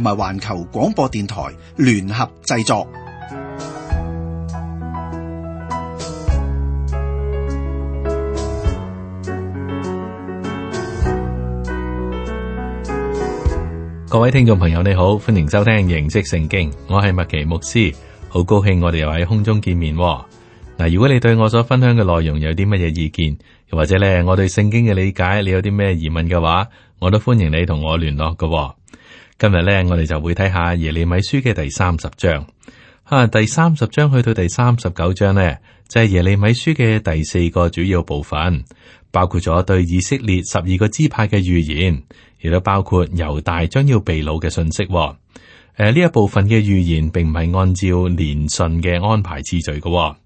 同埋環球廣播電台聯合製作。各位聽眾朋友，你好，歡迎收聽認識聖經。我係麥奇牧師，好高興我哋又喺空中見面。嗱，如果你對我所分享嘅內容有啲乜嘢意見，又或者咧我對聖經嘅理解，你有啲咩疑問嘅話，我都歡迎你同我聯絡嘅。今日咧，我哋就會睇下耶利米書嘅第三十章。吓、啊，第三十章去到第三十九章呢，就係、是、耶利米書嘅第四個主要部分，包括咗對以色列十二個支派嘅預言，亦都包括猶大將要被擄嘅信息、哦。誒、啊，呢一部分嘅預言並唔係按照連順嘅安排次序嘅、哦。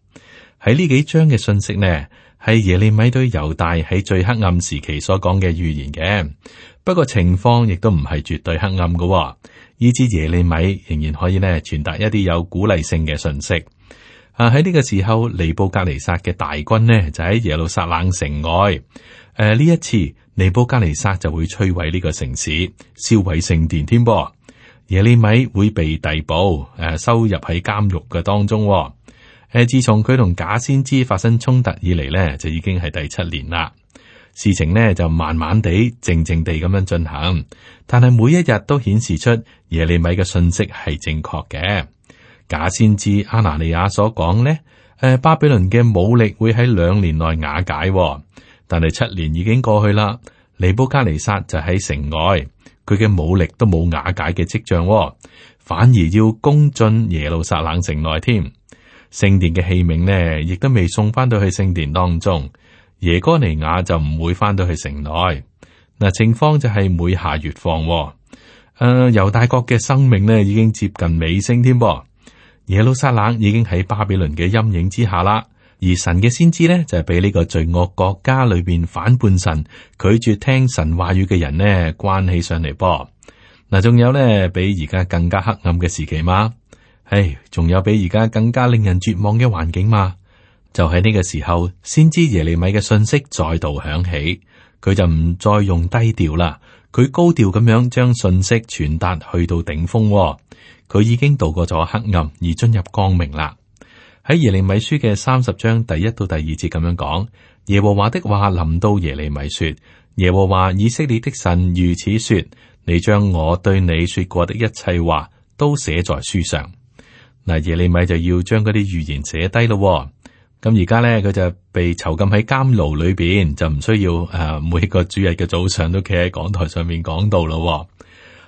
喺呢幾章嘅信息呢。係耶利米對猶大喺最黑暗時期所講嘅預言嘅，不過情況亦都唔係絕對黑暗噶、哦，以致耶利米仍然可以咧傳達一啲有鼓勵性嘅信息。啊，喺呢個時候，尼布加尼撒嘅大軍呢，就喺耶路撒冷城外，誒、啊、呢一次尼布加尼撒就會摧毀呢個城市，燒毀聖殿添噃。耶利米會被逮捕，誒、啊、收入喺監獄嘅當中、哦。誒，自從佢同假先知發生衝突以嚟咧，就已經係第七年啦。事情咧就慢慢地、靜靜地咁樣進行，但係每一日都顯示出耶利米嘅信息係正確嘅。假先知阿拿利亞所講咧，誒，巴比倫嘅武力會喺兩年內瓦解，但係七年已經過去啦。尼布加尼薩就喺城外，佢嘅武力都冇瓦解嘅跡象，反而要攻進耶路撒冷城內添。聖殿嘅器皿呢，亦都未送翻到去聖殿當中。耶哥尼雅就唔會翻到去城內。嗱，情況就係每況愈下、哦。誒、呃，猶大國嘅生命呢，已經接近尾聲添。噃。耶路撒冷已經喺巴比倫嘅陰影之下啦。而神嘅先知呢，就係俾呢個罪惡國家裏邊反叛神、拒絕聽神話語嘅人呢，關起上嚟。噃。嗱，仲有呢，比而家更加黑暗嘅時期嘛？唉，仲、哎、有比而家更加令人絕望嘅環境嘛？就喺呢個時候，先知耶利米嘅信息再度響起，佢就唔再用低調啦，佢高調咁樣將信息傳達去到頂峰、哦。佢已經度過咗黑暗，而進入光明啦。喺耶利米書嘅三十章第一到第二節咁樣講：，耶和華的話臨到耶利米說：，耶和華以色列的神如此說：，你將我對你說過的一切話都寫在書上。嗱，耶利米就要將嗰啲預言寫低咯，咁而家咧佢就被囚禁喺監牢裏邊，就唔需要誒每個主日嘅早上都企喺講台上面講道咯。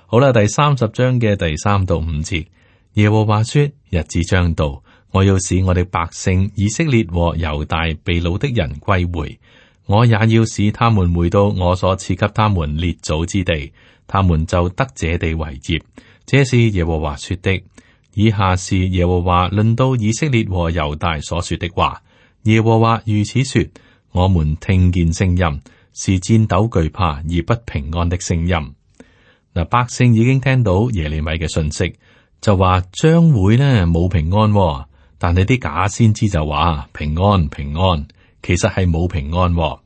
好啦，第三十章嘅第三到五節，耶和華說：日子將到，我要使我哋百姓以色列和猶大被擄的人歸回，我也要使他們回到我所賜給他們列祖之地，他們就得這地為業。這是耶和華說的。以下是耶和華論到以色列和猶大所說的話：耶和華如此說，我們聽見聲音，是戰鬥懼怕而不平安的聲音。嗱，百姓已經聽到耶利米嘅訊息，就話將會呢冇平安喎。但係啲假先知就話平安平安，其實係冇平安喎。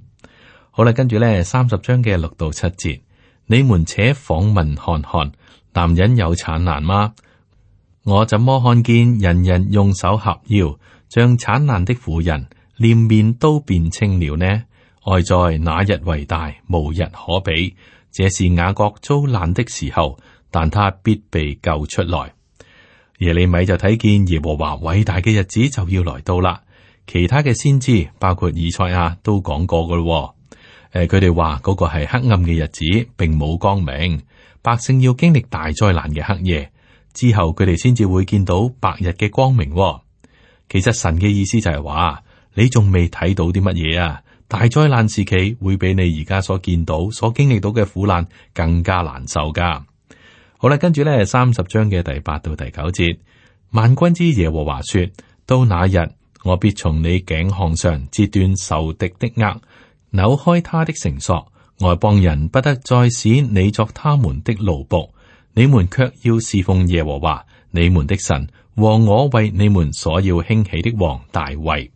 好啦，跟住咧三十章嘅六到七節，你們且訪問看看，男人有產難嗎？我怎麼看見人人用手掐腰，像產難的婦人，臉面都變青了呢？哀哉！那日為大，無日可比。這是雅各遭難的時候，但他必被救出來。耶利米就睇見耶和華偉大嘅日子就要來到啦。其他嘅先知，包括以賽亞，都講過㗎喇。誒、呃，佢哋話嗰個係黑暗嘅日子，並冇光明，百姓要經歷大災難嘅黑夜。之後佢哋先至會見到白日嘅光明，哦。其實神嘅意思就係話，你仲未睇到啲乜嘢啊？大災難時期會比你而家所見到、所經歷到嘅苦難更加難受噶。好啦，跟住咧，三十章嘅第八到第九節，萬軍之耶和華說：到那日，我必從你頸項上截斷仇敵的軛，扭開他的繩索，外邦人不得再使你作他們的奴僕。你們卻要侍奉耶和華你們的神和我為你們所要興起的王大衛。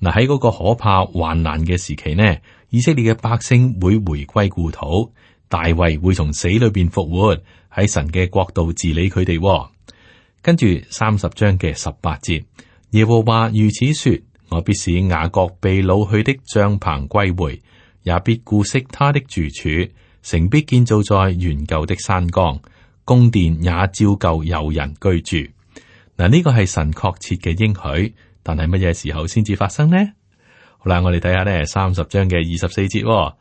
嗱，喺嗰個可怕患難嘅時期呢？以色列嘅百姓會回歸故土，大衛會從死裏邊復活，喺神嘅國度治理佢哋。跟住三十章嘅十八節，耶和華如此說：我必使雅各被擄去的帳篷歸回，也必顧惜他的住處。城必建造在原舊的山崗，宮殿也照舊有人居住。嗱，呢個係神確切嘅應許，但係乜嘢時候先至發生呢？好啦，我哋睇下咧，三十章嘅二十四節，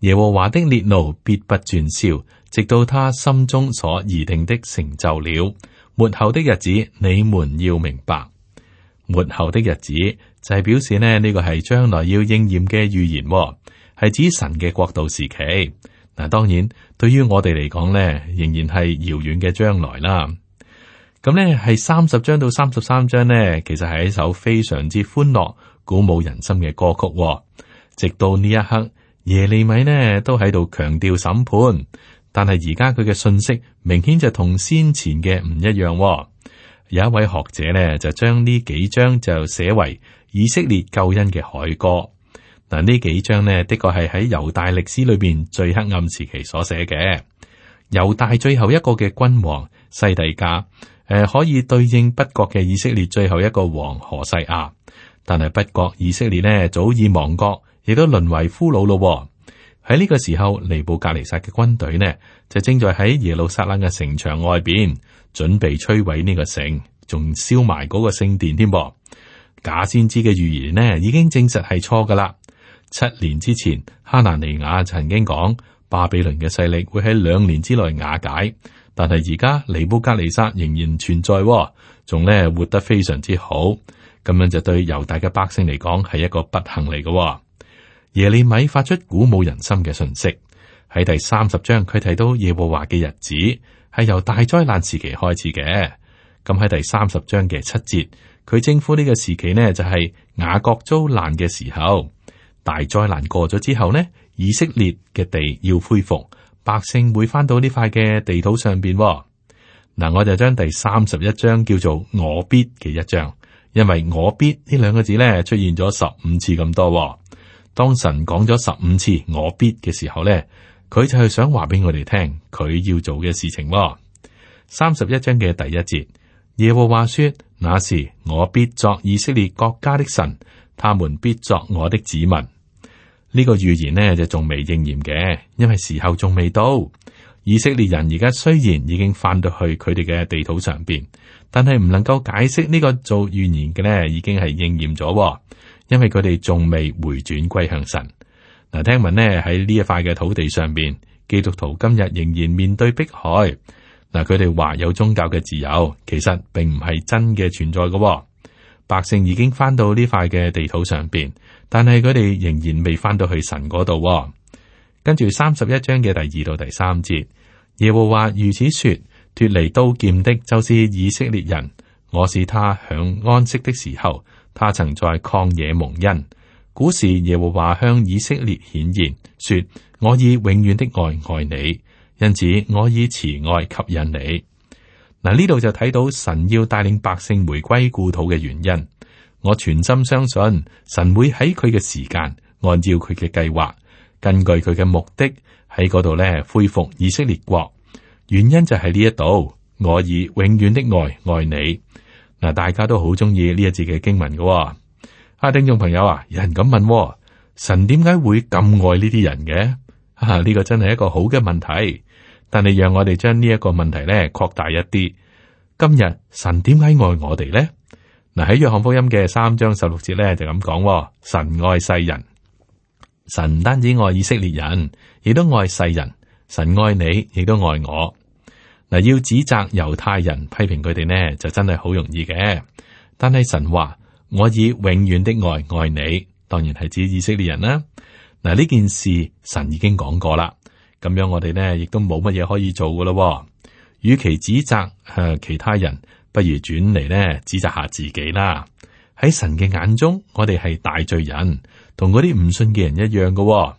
耶和華的烈怒必不轉消，直到他心中所擬定的成就了。末後的日子，你們要明白末後的日子就係、是、表示呢，呢個係將來要應驗嘅預言、哦，係指神嘅國度時期。嗱，當然對於我哋嚟講呢，仍然係遙遠嘅將來啦。咁呢係三十章到三十三章呢，其實係一首非常之歡樂、鼓舞人心嘅歌曲，哦。直到呢一刻，耶利米呢都喺度強調審判，但係而家佢嘅信息明顯就同先前嘅唔一樣，哦。有一位學者呢，就將呢幾章就寫為以色列救恩嘅凱歌。嗱，呢幾章呢，的確係喺猶大歷史裏邊最黑暗時期所寫嘅。猶大最後一個嘅君王西底家，誒、呃、可以對應北國嘅以色列最後一個王何細亞。但係北國以色列呢，早已亡國，亦都淪為俘虜咯。喺呢個時候，尼布甲尼撒嘅軍隊呢就正在喺耶路撒冷嘅城牆外邊準備摧毀呢個城，仲燒埋嗰個聖殿添噃。假先知嘅預言呢，已經證實係錯噶啦。七年之前，哈拿尼雅曾經講巴比倫嘅勢力會喺兩年之內瓦解，但係而家尼布加尼撒仍然存在、哦，仲咧活得非常之好。咁樣就對猶大嘅百姓嚟講係一個不幸嚟嘅，哦。耶利米發出鼓舞人心嘅訊息，喺第三十章佢睇到耶和華嘅日子係由大災難時期開始嘅。咁喺第三十章嘅七節，佢稱呼呢個時期呢，就係、是、雅各遭難嘅時候。大災難過咗之後呢，以色列嘅地要恢復，百姓會返到呢塊嘅地圖上邊嗱。我就將第三十一章叫做我必嘅一章，因為我必呢兩個字呢出現咗十五次咁多。當神講咗十五次我必嘅時候呢，佢就係想話俾我哋聽佢要做嘅事情。三十一章嘅第一節，耶和華說：那時我必作以色列各家的神，他們必作我的子民。呢個預言呢，就仲未應驗嘅，因為時候仲未到。以色列人而家雖然已經翻到去佢哋嘅地土上邊，但係唔能夠解釋呢個做預言嘅呢，已經係應驗咗，因為佢哋仲未回轉歸向神。嗱，聽聞咧喺呢一塊嘅土地上邊，基督徒今日仍然面對迫害。嗱，佢哋話有宗教嘅自由，其實並唔係真嘅存在噶。百姓已經翻到呢塊嘅地土上邊，但係佢哋仍然未翻到去神嗰度，哦。跟住三十一章嘅第二到第三節，耶和華如此說：脫離刀劍的，就是以色列人。我使他享安息的時候，他曾在曠野蒙恩。古時耶和華向以色列顯現，說我以永遠的愛愛你，因此我以慈愛吸引你。嗱，呢度就睇到神要帶領百姓回歸故土嘅原因。我全心相信神會喺佢嘅時間，按照佢嘅計劃，根據佢嘅目的喺嗰度咧，恢復以色列國。原因就係呢一度，我以永遠的愛愛你。嗱，大家都好中意呢一節嘅經文嘅喎。啊，聽眾朋友啊，有人咁問，哦，神點解會咁愛呢啲人嘅？哈、啊，呢個真係一個好嘅問題。但係讓我哋將呢一個問題咧擴大一啲。今日神點解愛我哋咧？嗱、啊、喺約翰福音嘅三章十六節咧就咁講：神愛世人，神唔單止愛以色列人，亦都愛世人。神愛你，亦都愛我。嗱、啊，要指責猶太人、批評佢哋呢，就真係好容易嘅。但係神話我以永遠的愛愛你，當然係指以色列人啦、啊。嗱、啊、呢件事神已經講過啦。咁樣我哋呢亦都冇乜嘢可以做噶啦、哦，與其指責吓、呃、其他人，不如轉嚟呢指責下自己啦。喺神嘅眼中，我哋係大罪人，同嗰啲唔信嘅人一樣噶、哦。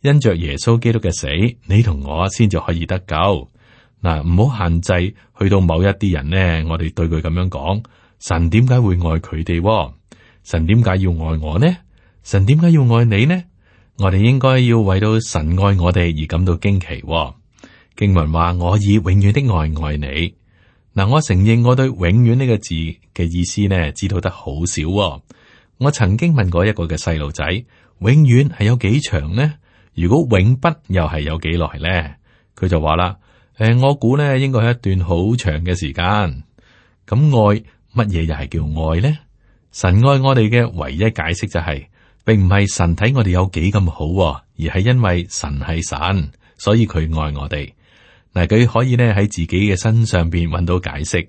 因着耶穌基督嘅死，你同我先就可以得救。嗱、呃，唔好限制去到某一啲人呢，我哋對佢咁樣講：神點解會愛佢哋？神點解要愛我呢？神點解要愛你呢？我哋應該要為到神愛我哋而感到驚奇、哦。經文話：我以永遠的愛愛你。嗱，我承認我對永遠呢、這個字嘅意思呢，知道得好少、哦。我曾經問過一個嘅細路仔：永遠係有幾長呢？如果永不又係有幾耐呢？佢就話啦：誒，我估呢應該係一段好長嘅時間。咁愛乜嘢又係叫愛呢？神愛我哋嘅唯一解釋就係、是。並唔係神睇我哋有幾咁好，而係因為神係神，所以佢愛我哋。嗱，佢可以咧喺自己嘅身上邊揾到解釋。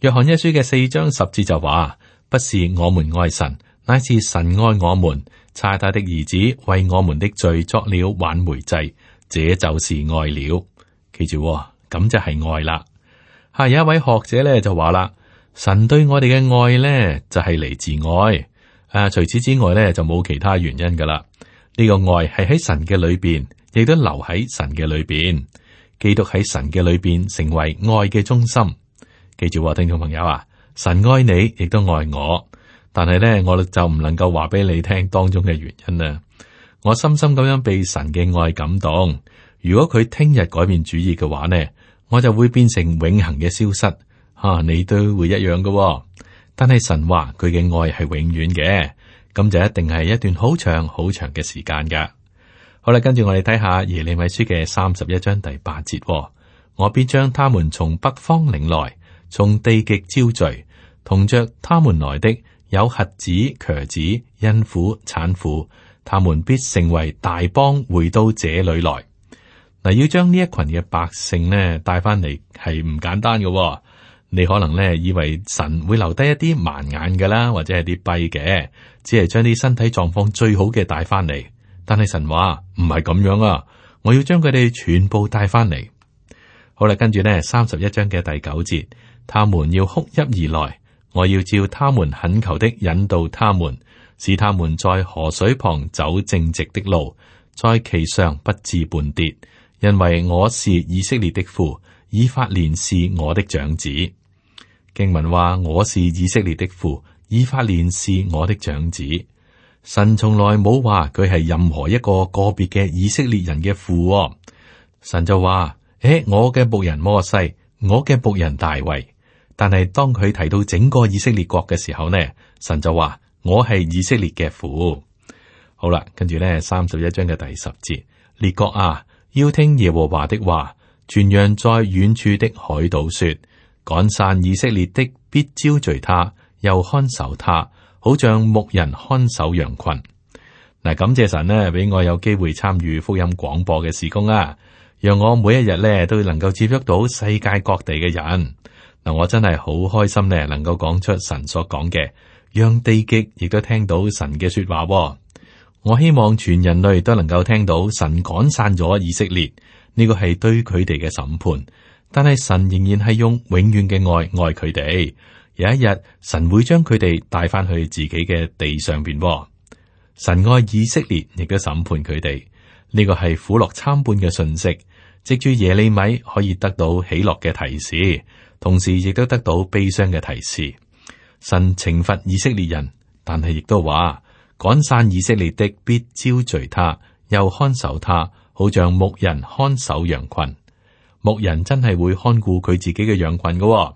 約翰一書嘅四章十節就話：不是我們愛神，乃是神愛我們，差他的兒子為我們的罪作了挽回祭。這就是愛了。記住，哦，咁就係愛啦。下有一位學者咧就話啦：神對我哋嘅愛咧就係嚟自愛。啊！除此之外咧，就冇其他原因噶啦。呢個愛係喺神嘅裏邊，亦都留喺神嘅裏邊。基督喺神嘅裏邊成為愛嘅中心。記住，聽眾朋友啊，神愛你，亦都愛我。但係咧，我就唔能夠話俾你聽當中嘅原因啊！我深深咁樣被神嘅愛感動。如果佢聽日改變主意嘅話咧，我就會變成永恒嘅消失。吓、啊，你都會一樣噶、哦。但係神話佢嘅愛係永遠嘅，咁就一定係一段好長好長嘅時間噶好啦，跟住我哋睇下耶利米書嘅三十一章第八節、哦，我必將他們從北方領來，從地極招聚，同着他們來的有瞎子、瘸子、孕婦、產婦，他們必成為大幫，回到這裏來。嗱，要將呢一群嘅百姓呢帶翻嚟係唔簡單嘅、哦。你可能咧，以為神會留低一啲盲眼嘅啦，或者係啲跛嘅，只係將啲身體狀況最好嘅帶翻嚟。但係神話唔係咁樣啊，我要將佢哋全部帶翻嚟。好啦，跟住咧，三十一章嘅第九節，他們要哭泣而來，我要照他們懇求的引導他們，使他們在河水旁走正直的路，在其上不致絆跌，因為我是以色列的父，以法蓮是我的長子。經文話：我是以色列的父，以法蓮是我的長子。神從來冇話佢係任何一個個別嘅以色列人嘅父，哦。神就話：誒、欸，我嘅僕人摩西，我嘅僕人大衛。但係當佢提到整個以色列國嘅時候呢，神就話：我係以色列嘅父。好啦，跟住呢三十一章嘅第十節，列國啊，要聽耶和華的話，傳揚在遠處的海島說。趕散以色列的，必招聚他，又看守他，好像牧人看守羊群。嗱，感謝神呢，俾我有機會參與福音廣播嘅事工啊，讓我每一日咧都能夠接觸到世界各地嘅人。嗱，我真係好開心咧，能夠講出神所講嘅，讓地極亦都聽到神嘅說話。我希望全人類都能夠聽到神趕散咗以色列，呢個係對佢哋嘅審判。但係神仍然係用永遠嘅愛愛佢哋，有一日神會將佢哋帶翻去自己嘅地上邊。神愛以色列審，亦都審判佢哋，呢個係苦樂參半嘅訊息。藉住耶利米可以得到喜樂嘅提示，同時亦都得到悲傷嘅提示。神懲罰以色列人，但係亦都話，趕散以色列的，必招聚他，又看守他，好像牧人看守羊群。牧人真係會看顧佢自己嘅羊群噶，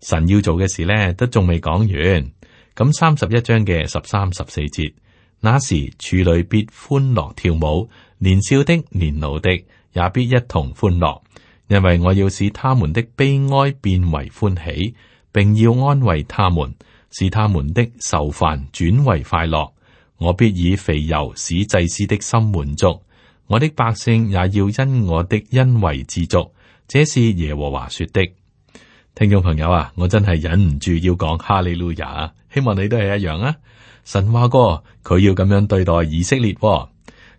神要做嘅事咧，都仲未講完。咁三十一章嘅十三十四節，那時處女必歡樂跳舞，年少的年老的也必一同歡樂，因為我要使他們的悲哀變為歡喜，並要安慰他們，使他們的愁煩轉為快樂。我必以肥油使祭司的心滿足，我的百姓也要因我的恩惠知足。這是耶和華說的，聽眾朋友啊，我真係忍唔住要講哈利路亞啊！希望你都係一樣啊！神話過，佢要咁樣對待以色列，哦，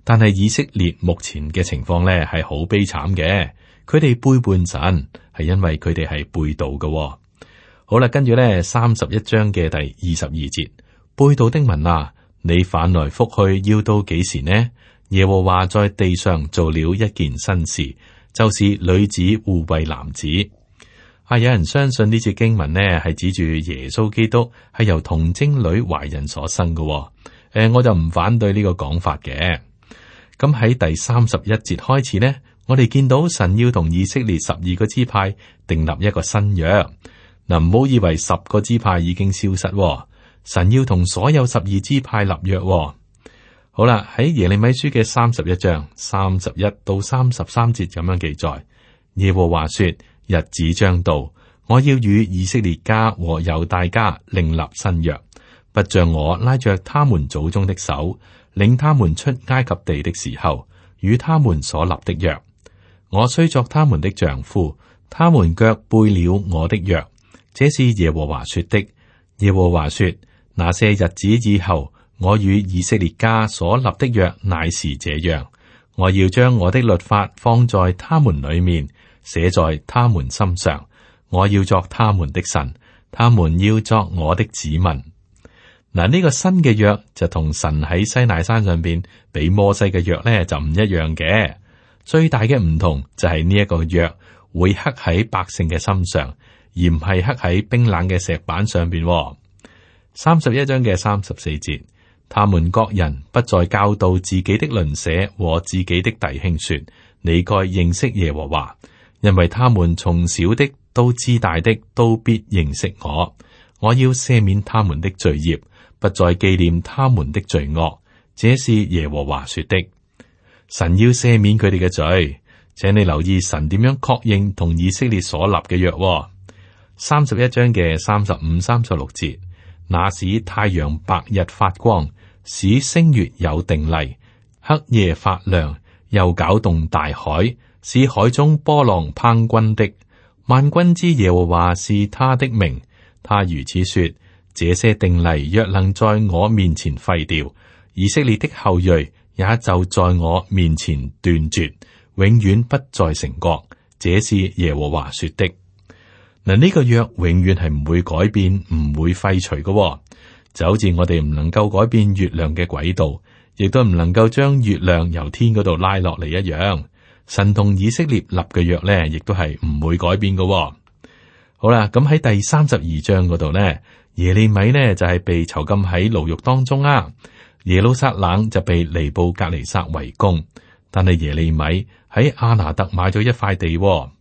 但係以色列目前嘅情況呢係好悲慘嘅，佢哋背叛神係因為佢哋係背道嘅，哦。好啦，跟住呢，三十一章嘅第二十二節，背道的民啊，你反來覆去要到幾時呢？耶和華在地上做了一件新事，就是女子護衛男子，啊，有人相信呢節經文呢係指住耶穌基督係由童貞女懷孕所生嘅、哦，誒、啊，我就唔反對呢個講法嘅。咁喺第三十一節開始呢，我哋見到神要同以色列十二個支派訂立一個新約，嗱唔好以為十個支派已經消失、哦，神要同所有十二支派立約、哦。好啦，喺耶利米書嘅三十一章三十一到三十三節咁樣記載，耶和華說：日子將到，我要與以色列家和猶大家另立新約，不像我拉着他們祖宗的手，領他們出埃及地的時候，與他們所立的約，我雖作他們的丈夫，他們卻背了我的約。這是耶和華說的。耶和華說：那些日子以後。我與以色列家所立的約乃是這樣，我要將我的律法放在他們裏面，寫在他們心上。我要作他們的神，他們要作我的子民。嗱，呢個新嘅約就同神喺西奈山上邊俾摩西嘅約呢，就唔一樣嘅。最大嘅唔同就係呢一個約會刻喺百姓嘅心上，而唔係刻喺冰冷嘅石板上邊。三十一章嘅三十四節。他們各人不再教導自己的鄰舍和自己的弟兄說：你該認識耶和華，因為他們從小的都知大的，都必認識我。我要赦免他們的罪孽，不再紀念他們的罪惡。這是耶和華說的。神要赦免佢哋嘅罪，請你留意神點樣確認同以色列所立嘅約。三十一章嘅三十五、三十六節，那是太陽白日發光。使星月有定例，黑夜發亮，又攪動大海，使海中波浪匉訇的。萬軍之耶和華是他的名，他如此說：這些定例若能在我面前廢掉，以色列的後裔也就在我面前斷絕，永遠不再成國。這是耶和華說的。嗱，呢個約永遠係唔會改變，唔會廢除嘅。就好似我哋唔能夠改變月亮嘅軌道，亦都唔能夠將月亮由天嗰度拉落嚟一樣。神同以色列立嘅約呢，亦都係唔會改變噶，哦。好啦，咁喺第三十二章嗰度呢，耶利米呢就係、是、被囚禁喺牢獄當中啊。耶路撒冷就被尼布甲尼撒圍攻，但係耶利米喺阿拿特買咗一塊地，哦。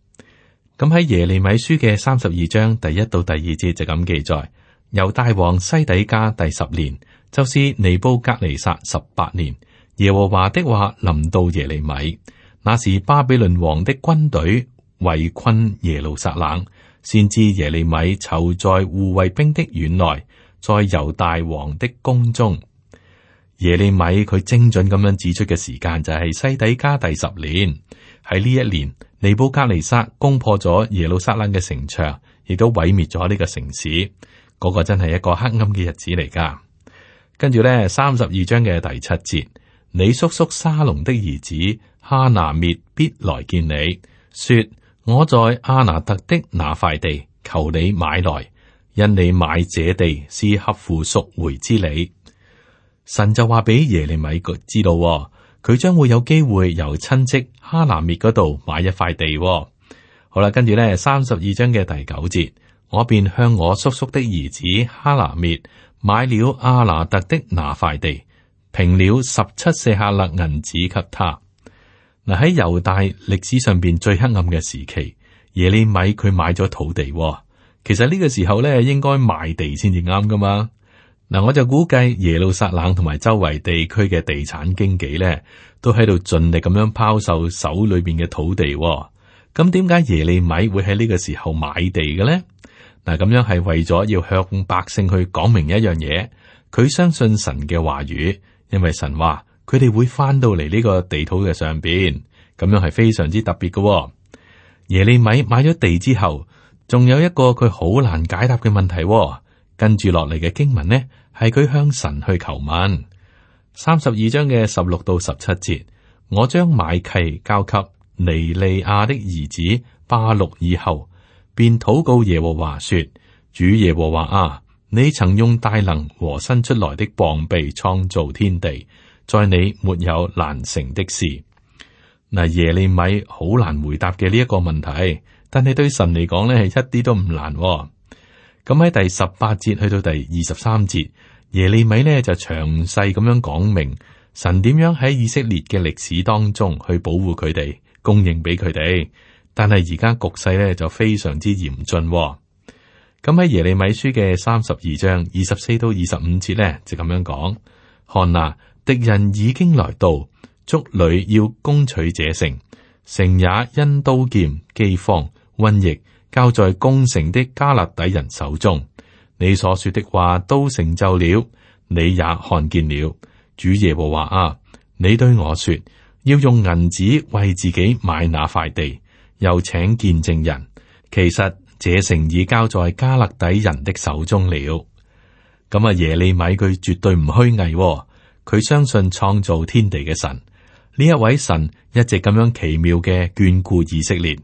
咁喺耶利米書嘅三十二章第一到第二節就咁記載。由大王西底家第十年，就是尼布格尼撒十八年，耶和華的話臨到耶利米。那時巴比倫王的軍隊圍困耶路撒冷，先知耶利米囚在護衛兵的院內，再由大王的宮中。耶利米佢精準咁樣指出嘅時間就係西底家第十年。喺呢一年，尼布格尼撒攻破咗耶路撒冷嘅城牆，亦都毀滅咗呢個城市。嗰個真係一個黑暗嘅日子嚟噶，跟住咧三十二章嘅第七節，你叔叔沙龍的兒子哈拿滅必來見你，說我在亞拿特的那塊地，求你買來，因你買這地是合乎贖回之理。神就話俾耶利米知道，佢將會有機會由親戚哈拿滅嗰度買一塊地喎。好啦，跟住咧三十二章嘅第九節。我便向我叔叔的兒子哈拿滅買了阿拿特的那塊地，平了十七舍客勒銀子給他。嗱，喺猶大歷史上邊最黑暗嘅時期，耶利米佢買咗土地。其實呢個時候咧，應該賣地先至啱噶嘛。嗱，我就估計耶路撒冷同埋周圍地區嘅地產經紀咧，都喺度盡力咁樣拋售手裏邊嘅土地。咁點解耶利米會喺呢個時候買地嘅咧？嗱，咁樣係為咗要向百姓去講明一樣嘢，佢相信神嘅話語，因為神話佢哋會翻到嚟呢個地土嘅上邊，咁樣係非常之特別嘅，哦。耶利米買咗地之後，仲有一個佢好難解答嘅問題，哦。跟住落嚟嘅經文呢，係佢向神去求問。三十二章嘅十六到十七節，我將買契交給尼利亞的兒子巴錄以後，便禱告耶和華說：主耶和華啊，你曾用大能和伸出來的膀臂創造天地，在你沒有難成的事。嗱耶利米好難回答嘅呢一個問題，但係對神嚟講呢，係一啲都唔難哦。咁喺第十八節去到第二十三節，耶利米呢就詳細咁樣講明神點樣喺以色列嘅歷史當中去保護佢哋，供應俾佢哋。但係而家局勢咧就非常之嚴峻，哦。咁喺耶利米書嘅三十二章二十四到二十五節咧，就咁樣講：看哪，敵人已經來到，築壘要攻取這城，城也因刀劍、饑荒、瘟疫交在攻城的加勒底人手中。你所說的話都成就了，你也看見了。主耶和華啊，你對我說要用銀子為自己買那塊地。又請見證人，其實這城已交在加勒底人的手中了。咁啊，耶利米佢絕對唔虛偽喎，佢相信創造天地嘅神，呢一位神一直咁樣奇妙嘅眷顧以色列。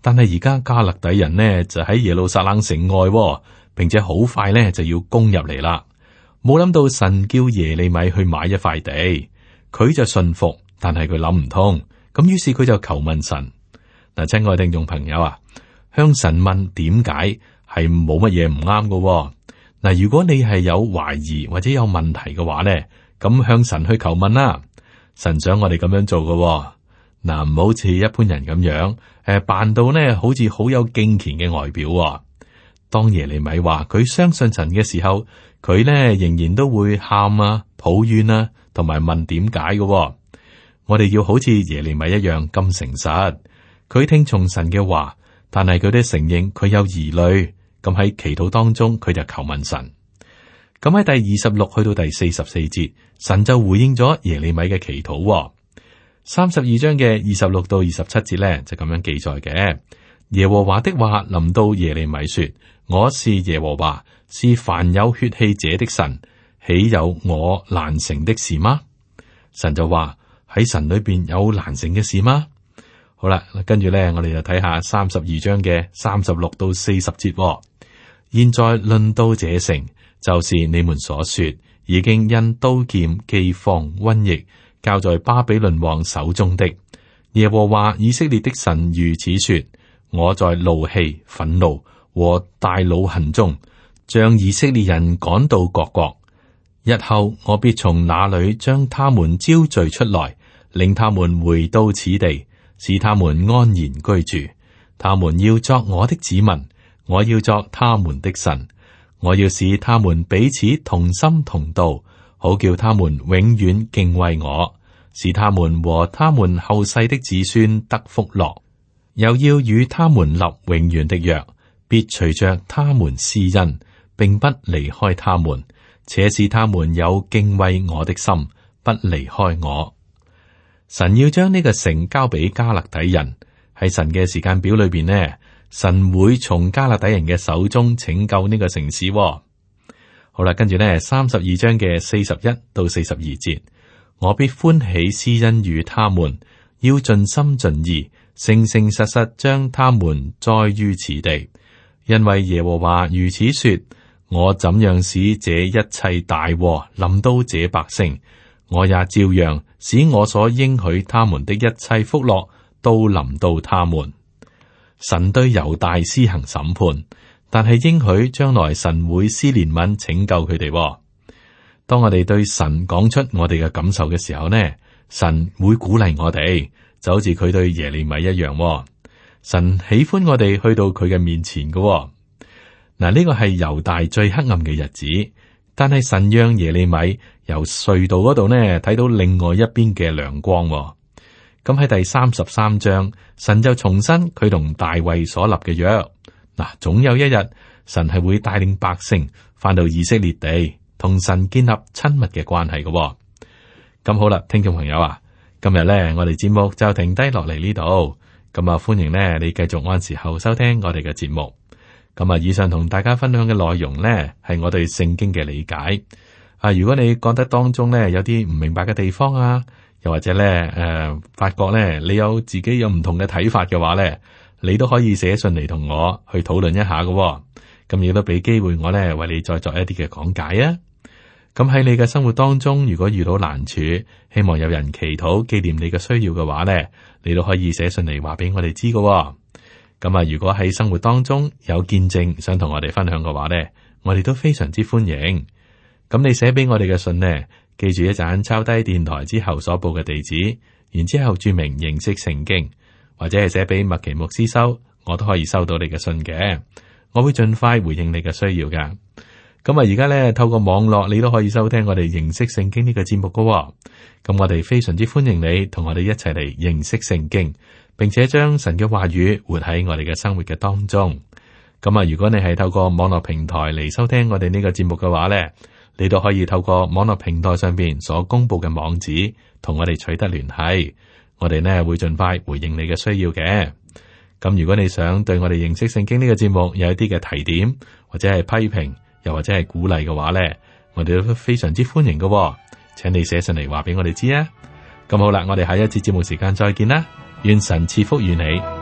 但係而家加勒底人呢就喺耶路撒冷城外喎，並且好快呢就要攻入嚟啦。冇諗到神叫耶利米去買一塊地，佢就信服，但係佢諗唔通，咁於是佢就求問神。嗱，親愛聽眾朋友啊，向神問點解係冇乜嘢唔啱嘅。嗱、哦，如果你係有懷疑或者有問題嘅話咧，咁向神去求問啦。神想我哋咁樣做嘅、哦。嗱，唔好似一般人咁樣，誒、呃，扮到咧好似好有敬虔嘅外表、哦。當耶利米話佢相信神嘅時候，佢咧仍然都會喊啊、抱怨啊，同埋問點解嘅。我哋要好似耶利米一樣咁誠實。佢聽從神嘅話，但係佢都承認佢有疑慮。咁喺祈禱當中，佢就求問神。咁喺第二十六去到第四十四節，神就回應咗耶利米嘅祈禱哦。三十二章嘅二十六到二十七節咧，就咁樣記載嘅。耶和華的話臨到耶利米說：我是耶和華，是凡有血氣者的神，豈有我難成的事嗎？神就話：喺神裏邊有難成嘅事嗎？好啦，跟住咧，我哋就睇下三十二章嘅三十六到四十節哦。現在論到這城，就是你們所說已經因刀劍、饑荒、瘟疫交在巴比倫王手中的耶和華以色列的神如此說：我在怒氣、憤怒和大惱恨中，將以色列人趕到各國。日後我必從那裏將他們招聚出來，令他們回到此地。使他們安然居住，他們要作我的子民，我要作他們的神，我要使他們彼此同心同道，好叫他們永遠敬畏我，使他們和他們後世的子孫得福樂。又要與他們立永遠的約，必隨着他們施恩，並不離開他們，且使他們有敬畏我的心，不離開我。神要將呢個城交俾加勒底人，喺神嘅時間表裏邊呢，神會從加勒底人嘅手中拯救呢個城市，哦。好啦，跟住呢，三十二章嘅四十一到四十二節，我必歡喜施恩與他們，要盡心盡意，誠誠實實將他們栽於此地，因為耶和華如此說，我怎樣使這一切大禍臨到這百姓，我也照樣。使我所應許他們的一切福樂都臨到他們。神對猶大施行審判，但係應許將來神會施憐憫拯救佢哋。當我哋對神講出我哋嘅感受嘅時候呢，神會鼓勵我哋，就好似佢對耶利米一樣。神喜歡我哋去到佢嘅面前嘅。嗱，呢個係猶大最黑暗嘅日子。但係神央耶利米由隧道嗰度呢，睇到另外一邊嘅亮光，哦，咁喺第三十三章，神就重申佢同大衛所立嘅約。嗱，總有一日，神係會帶領百姓翻到以色列地，同神建立親密嘅關係嘅，哦。咁好啦，聽眾朋友啊，今日呢，我哋節目就停低落嚟呢度，咁啊，歡迎呢，你繼續按時候收聽我哋嘅節目。咁啊，以上同大家分享嘅內容咧，係我對聖經嘅理解啊。如果你覺得當中咧有啲唔明白嘅地方啊，又或者咧誒，發覺咧你有自己有唔同嘅睇法嘅話咧，你都可以寫信嚟同我去討論一下嘅，咁亦都俾機會我咧為你再作一啲嘅講解啊。咁喺你嘅生活當中，如果遇到難處，希望有人祈禱紀念你嘅需要嘅話咧，你都可以寫信嚟話俾我哋知嘅。咁啊！如果喺生活當中有見證想同我哋分享嘅話呢，我哋都非常之歡迎。咁你寫俾我哋嘅信呢，記住一陣抄低電台之後所報嘅地址，然之後注明認識聖經，或者係寫俾麥奇牧師收，我都可以收到你嘅信嘅。我會盡快回應你嘅需要噶。咁啊，而家呢，透過網絡，你都可以收聽我哋認識聖經呢個節目噶哦。咁我哋非常之歡迎你同我哋一齊嚟認識聖經。並且將神嘅話語活喺我哋嘅生活嘅當中。咁啊，如果你係透過網絡平台嚟收聽我哋呢個節目嘅話呢，你都可以透過網絡平台上邊所公布嘅網址，同我哋取得聯繫。我哋呢會盡快回應你嘅需要嘅。咁如果你想對我哋認識聖經呢個節目有一啲嘅提點，或者係批評，又或者係鼓勵嘅話呢，我哋都非常之歡迎嘅，請你寫信嚟話俾我哋知啊。咁好啦，我哋下一次節目時間再見啦。願神賜福於你。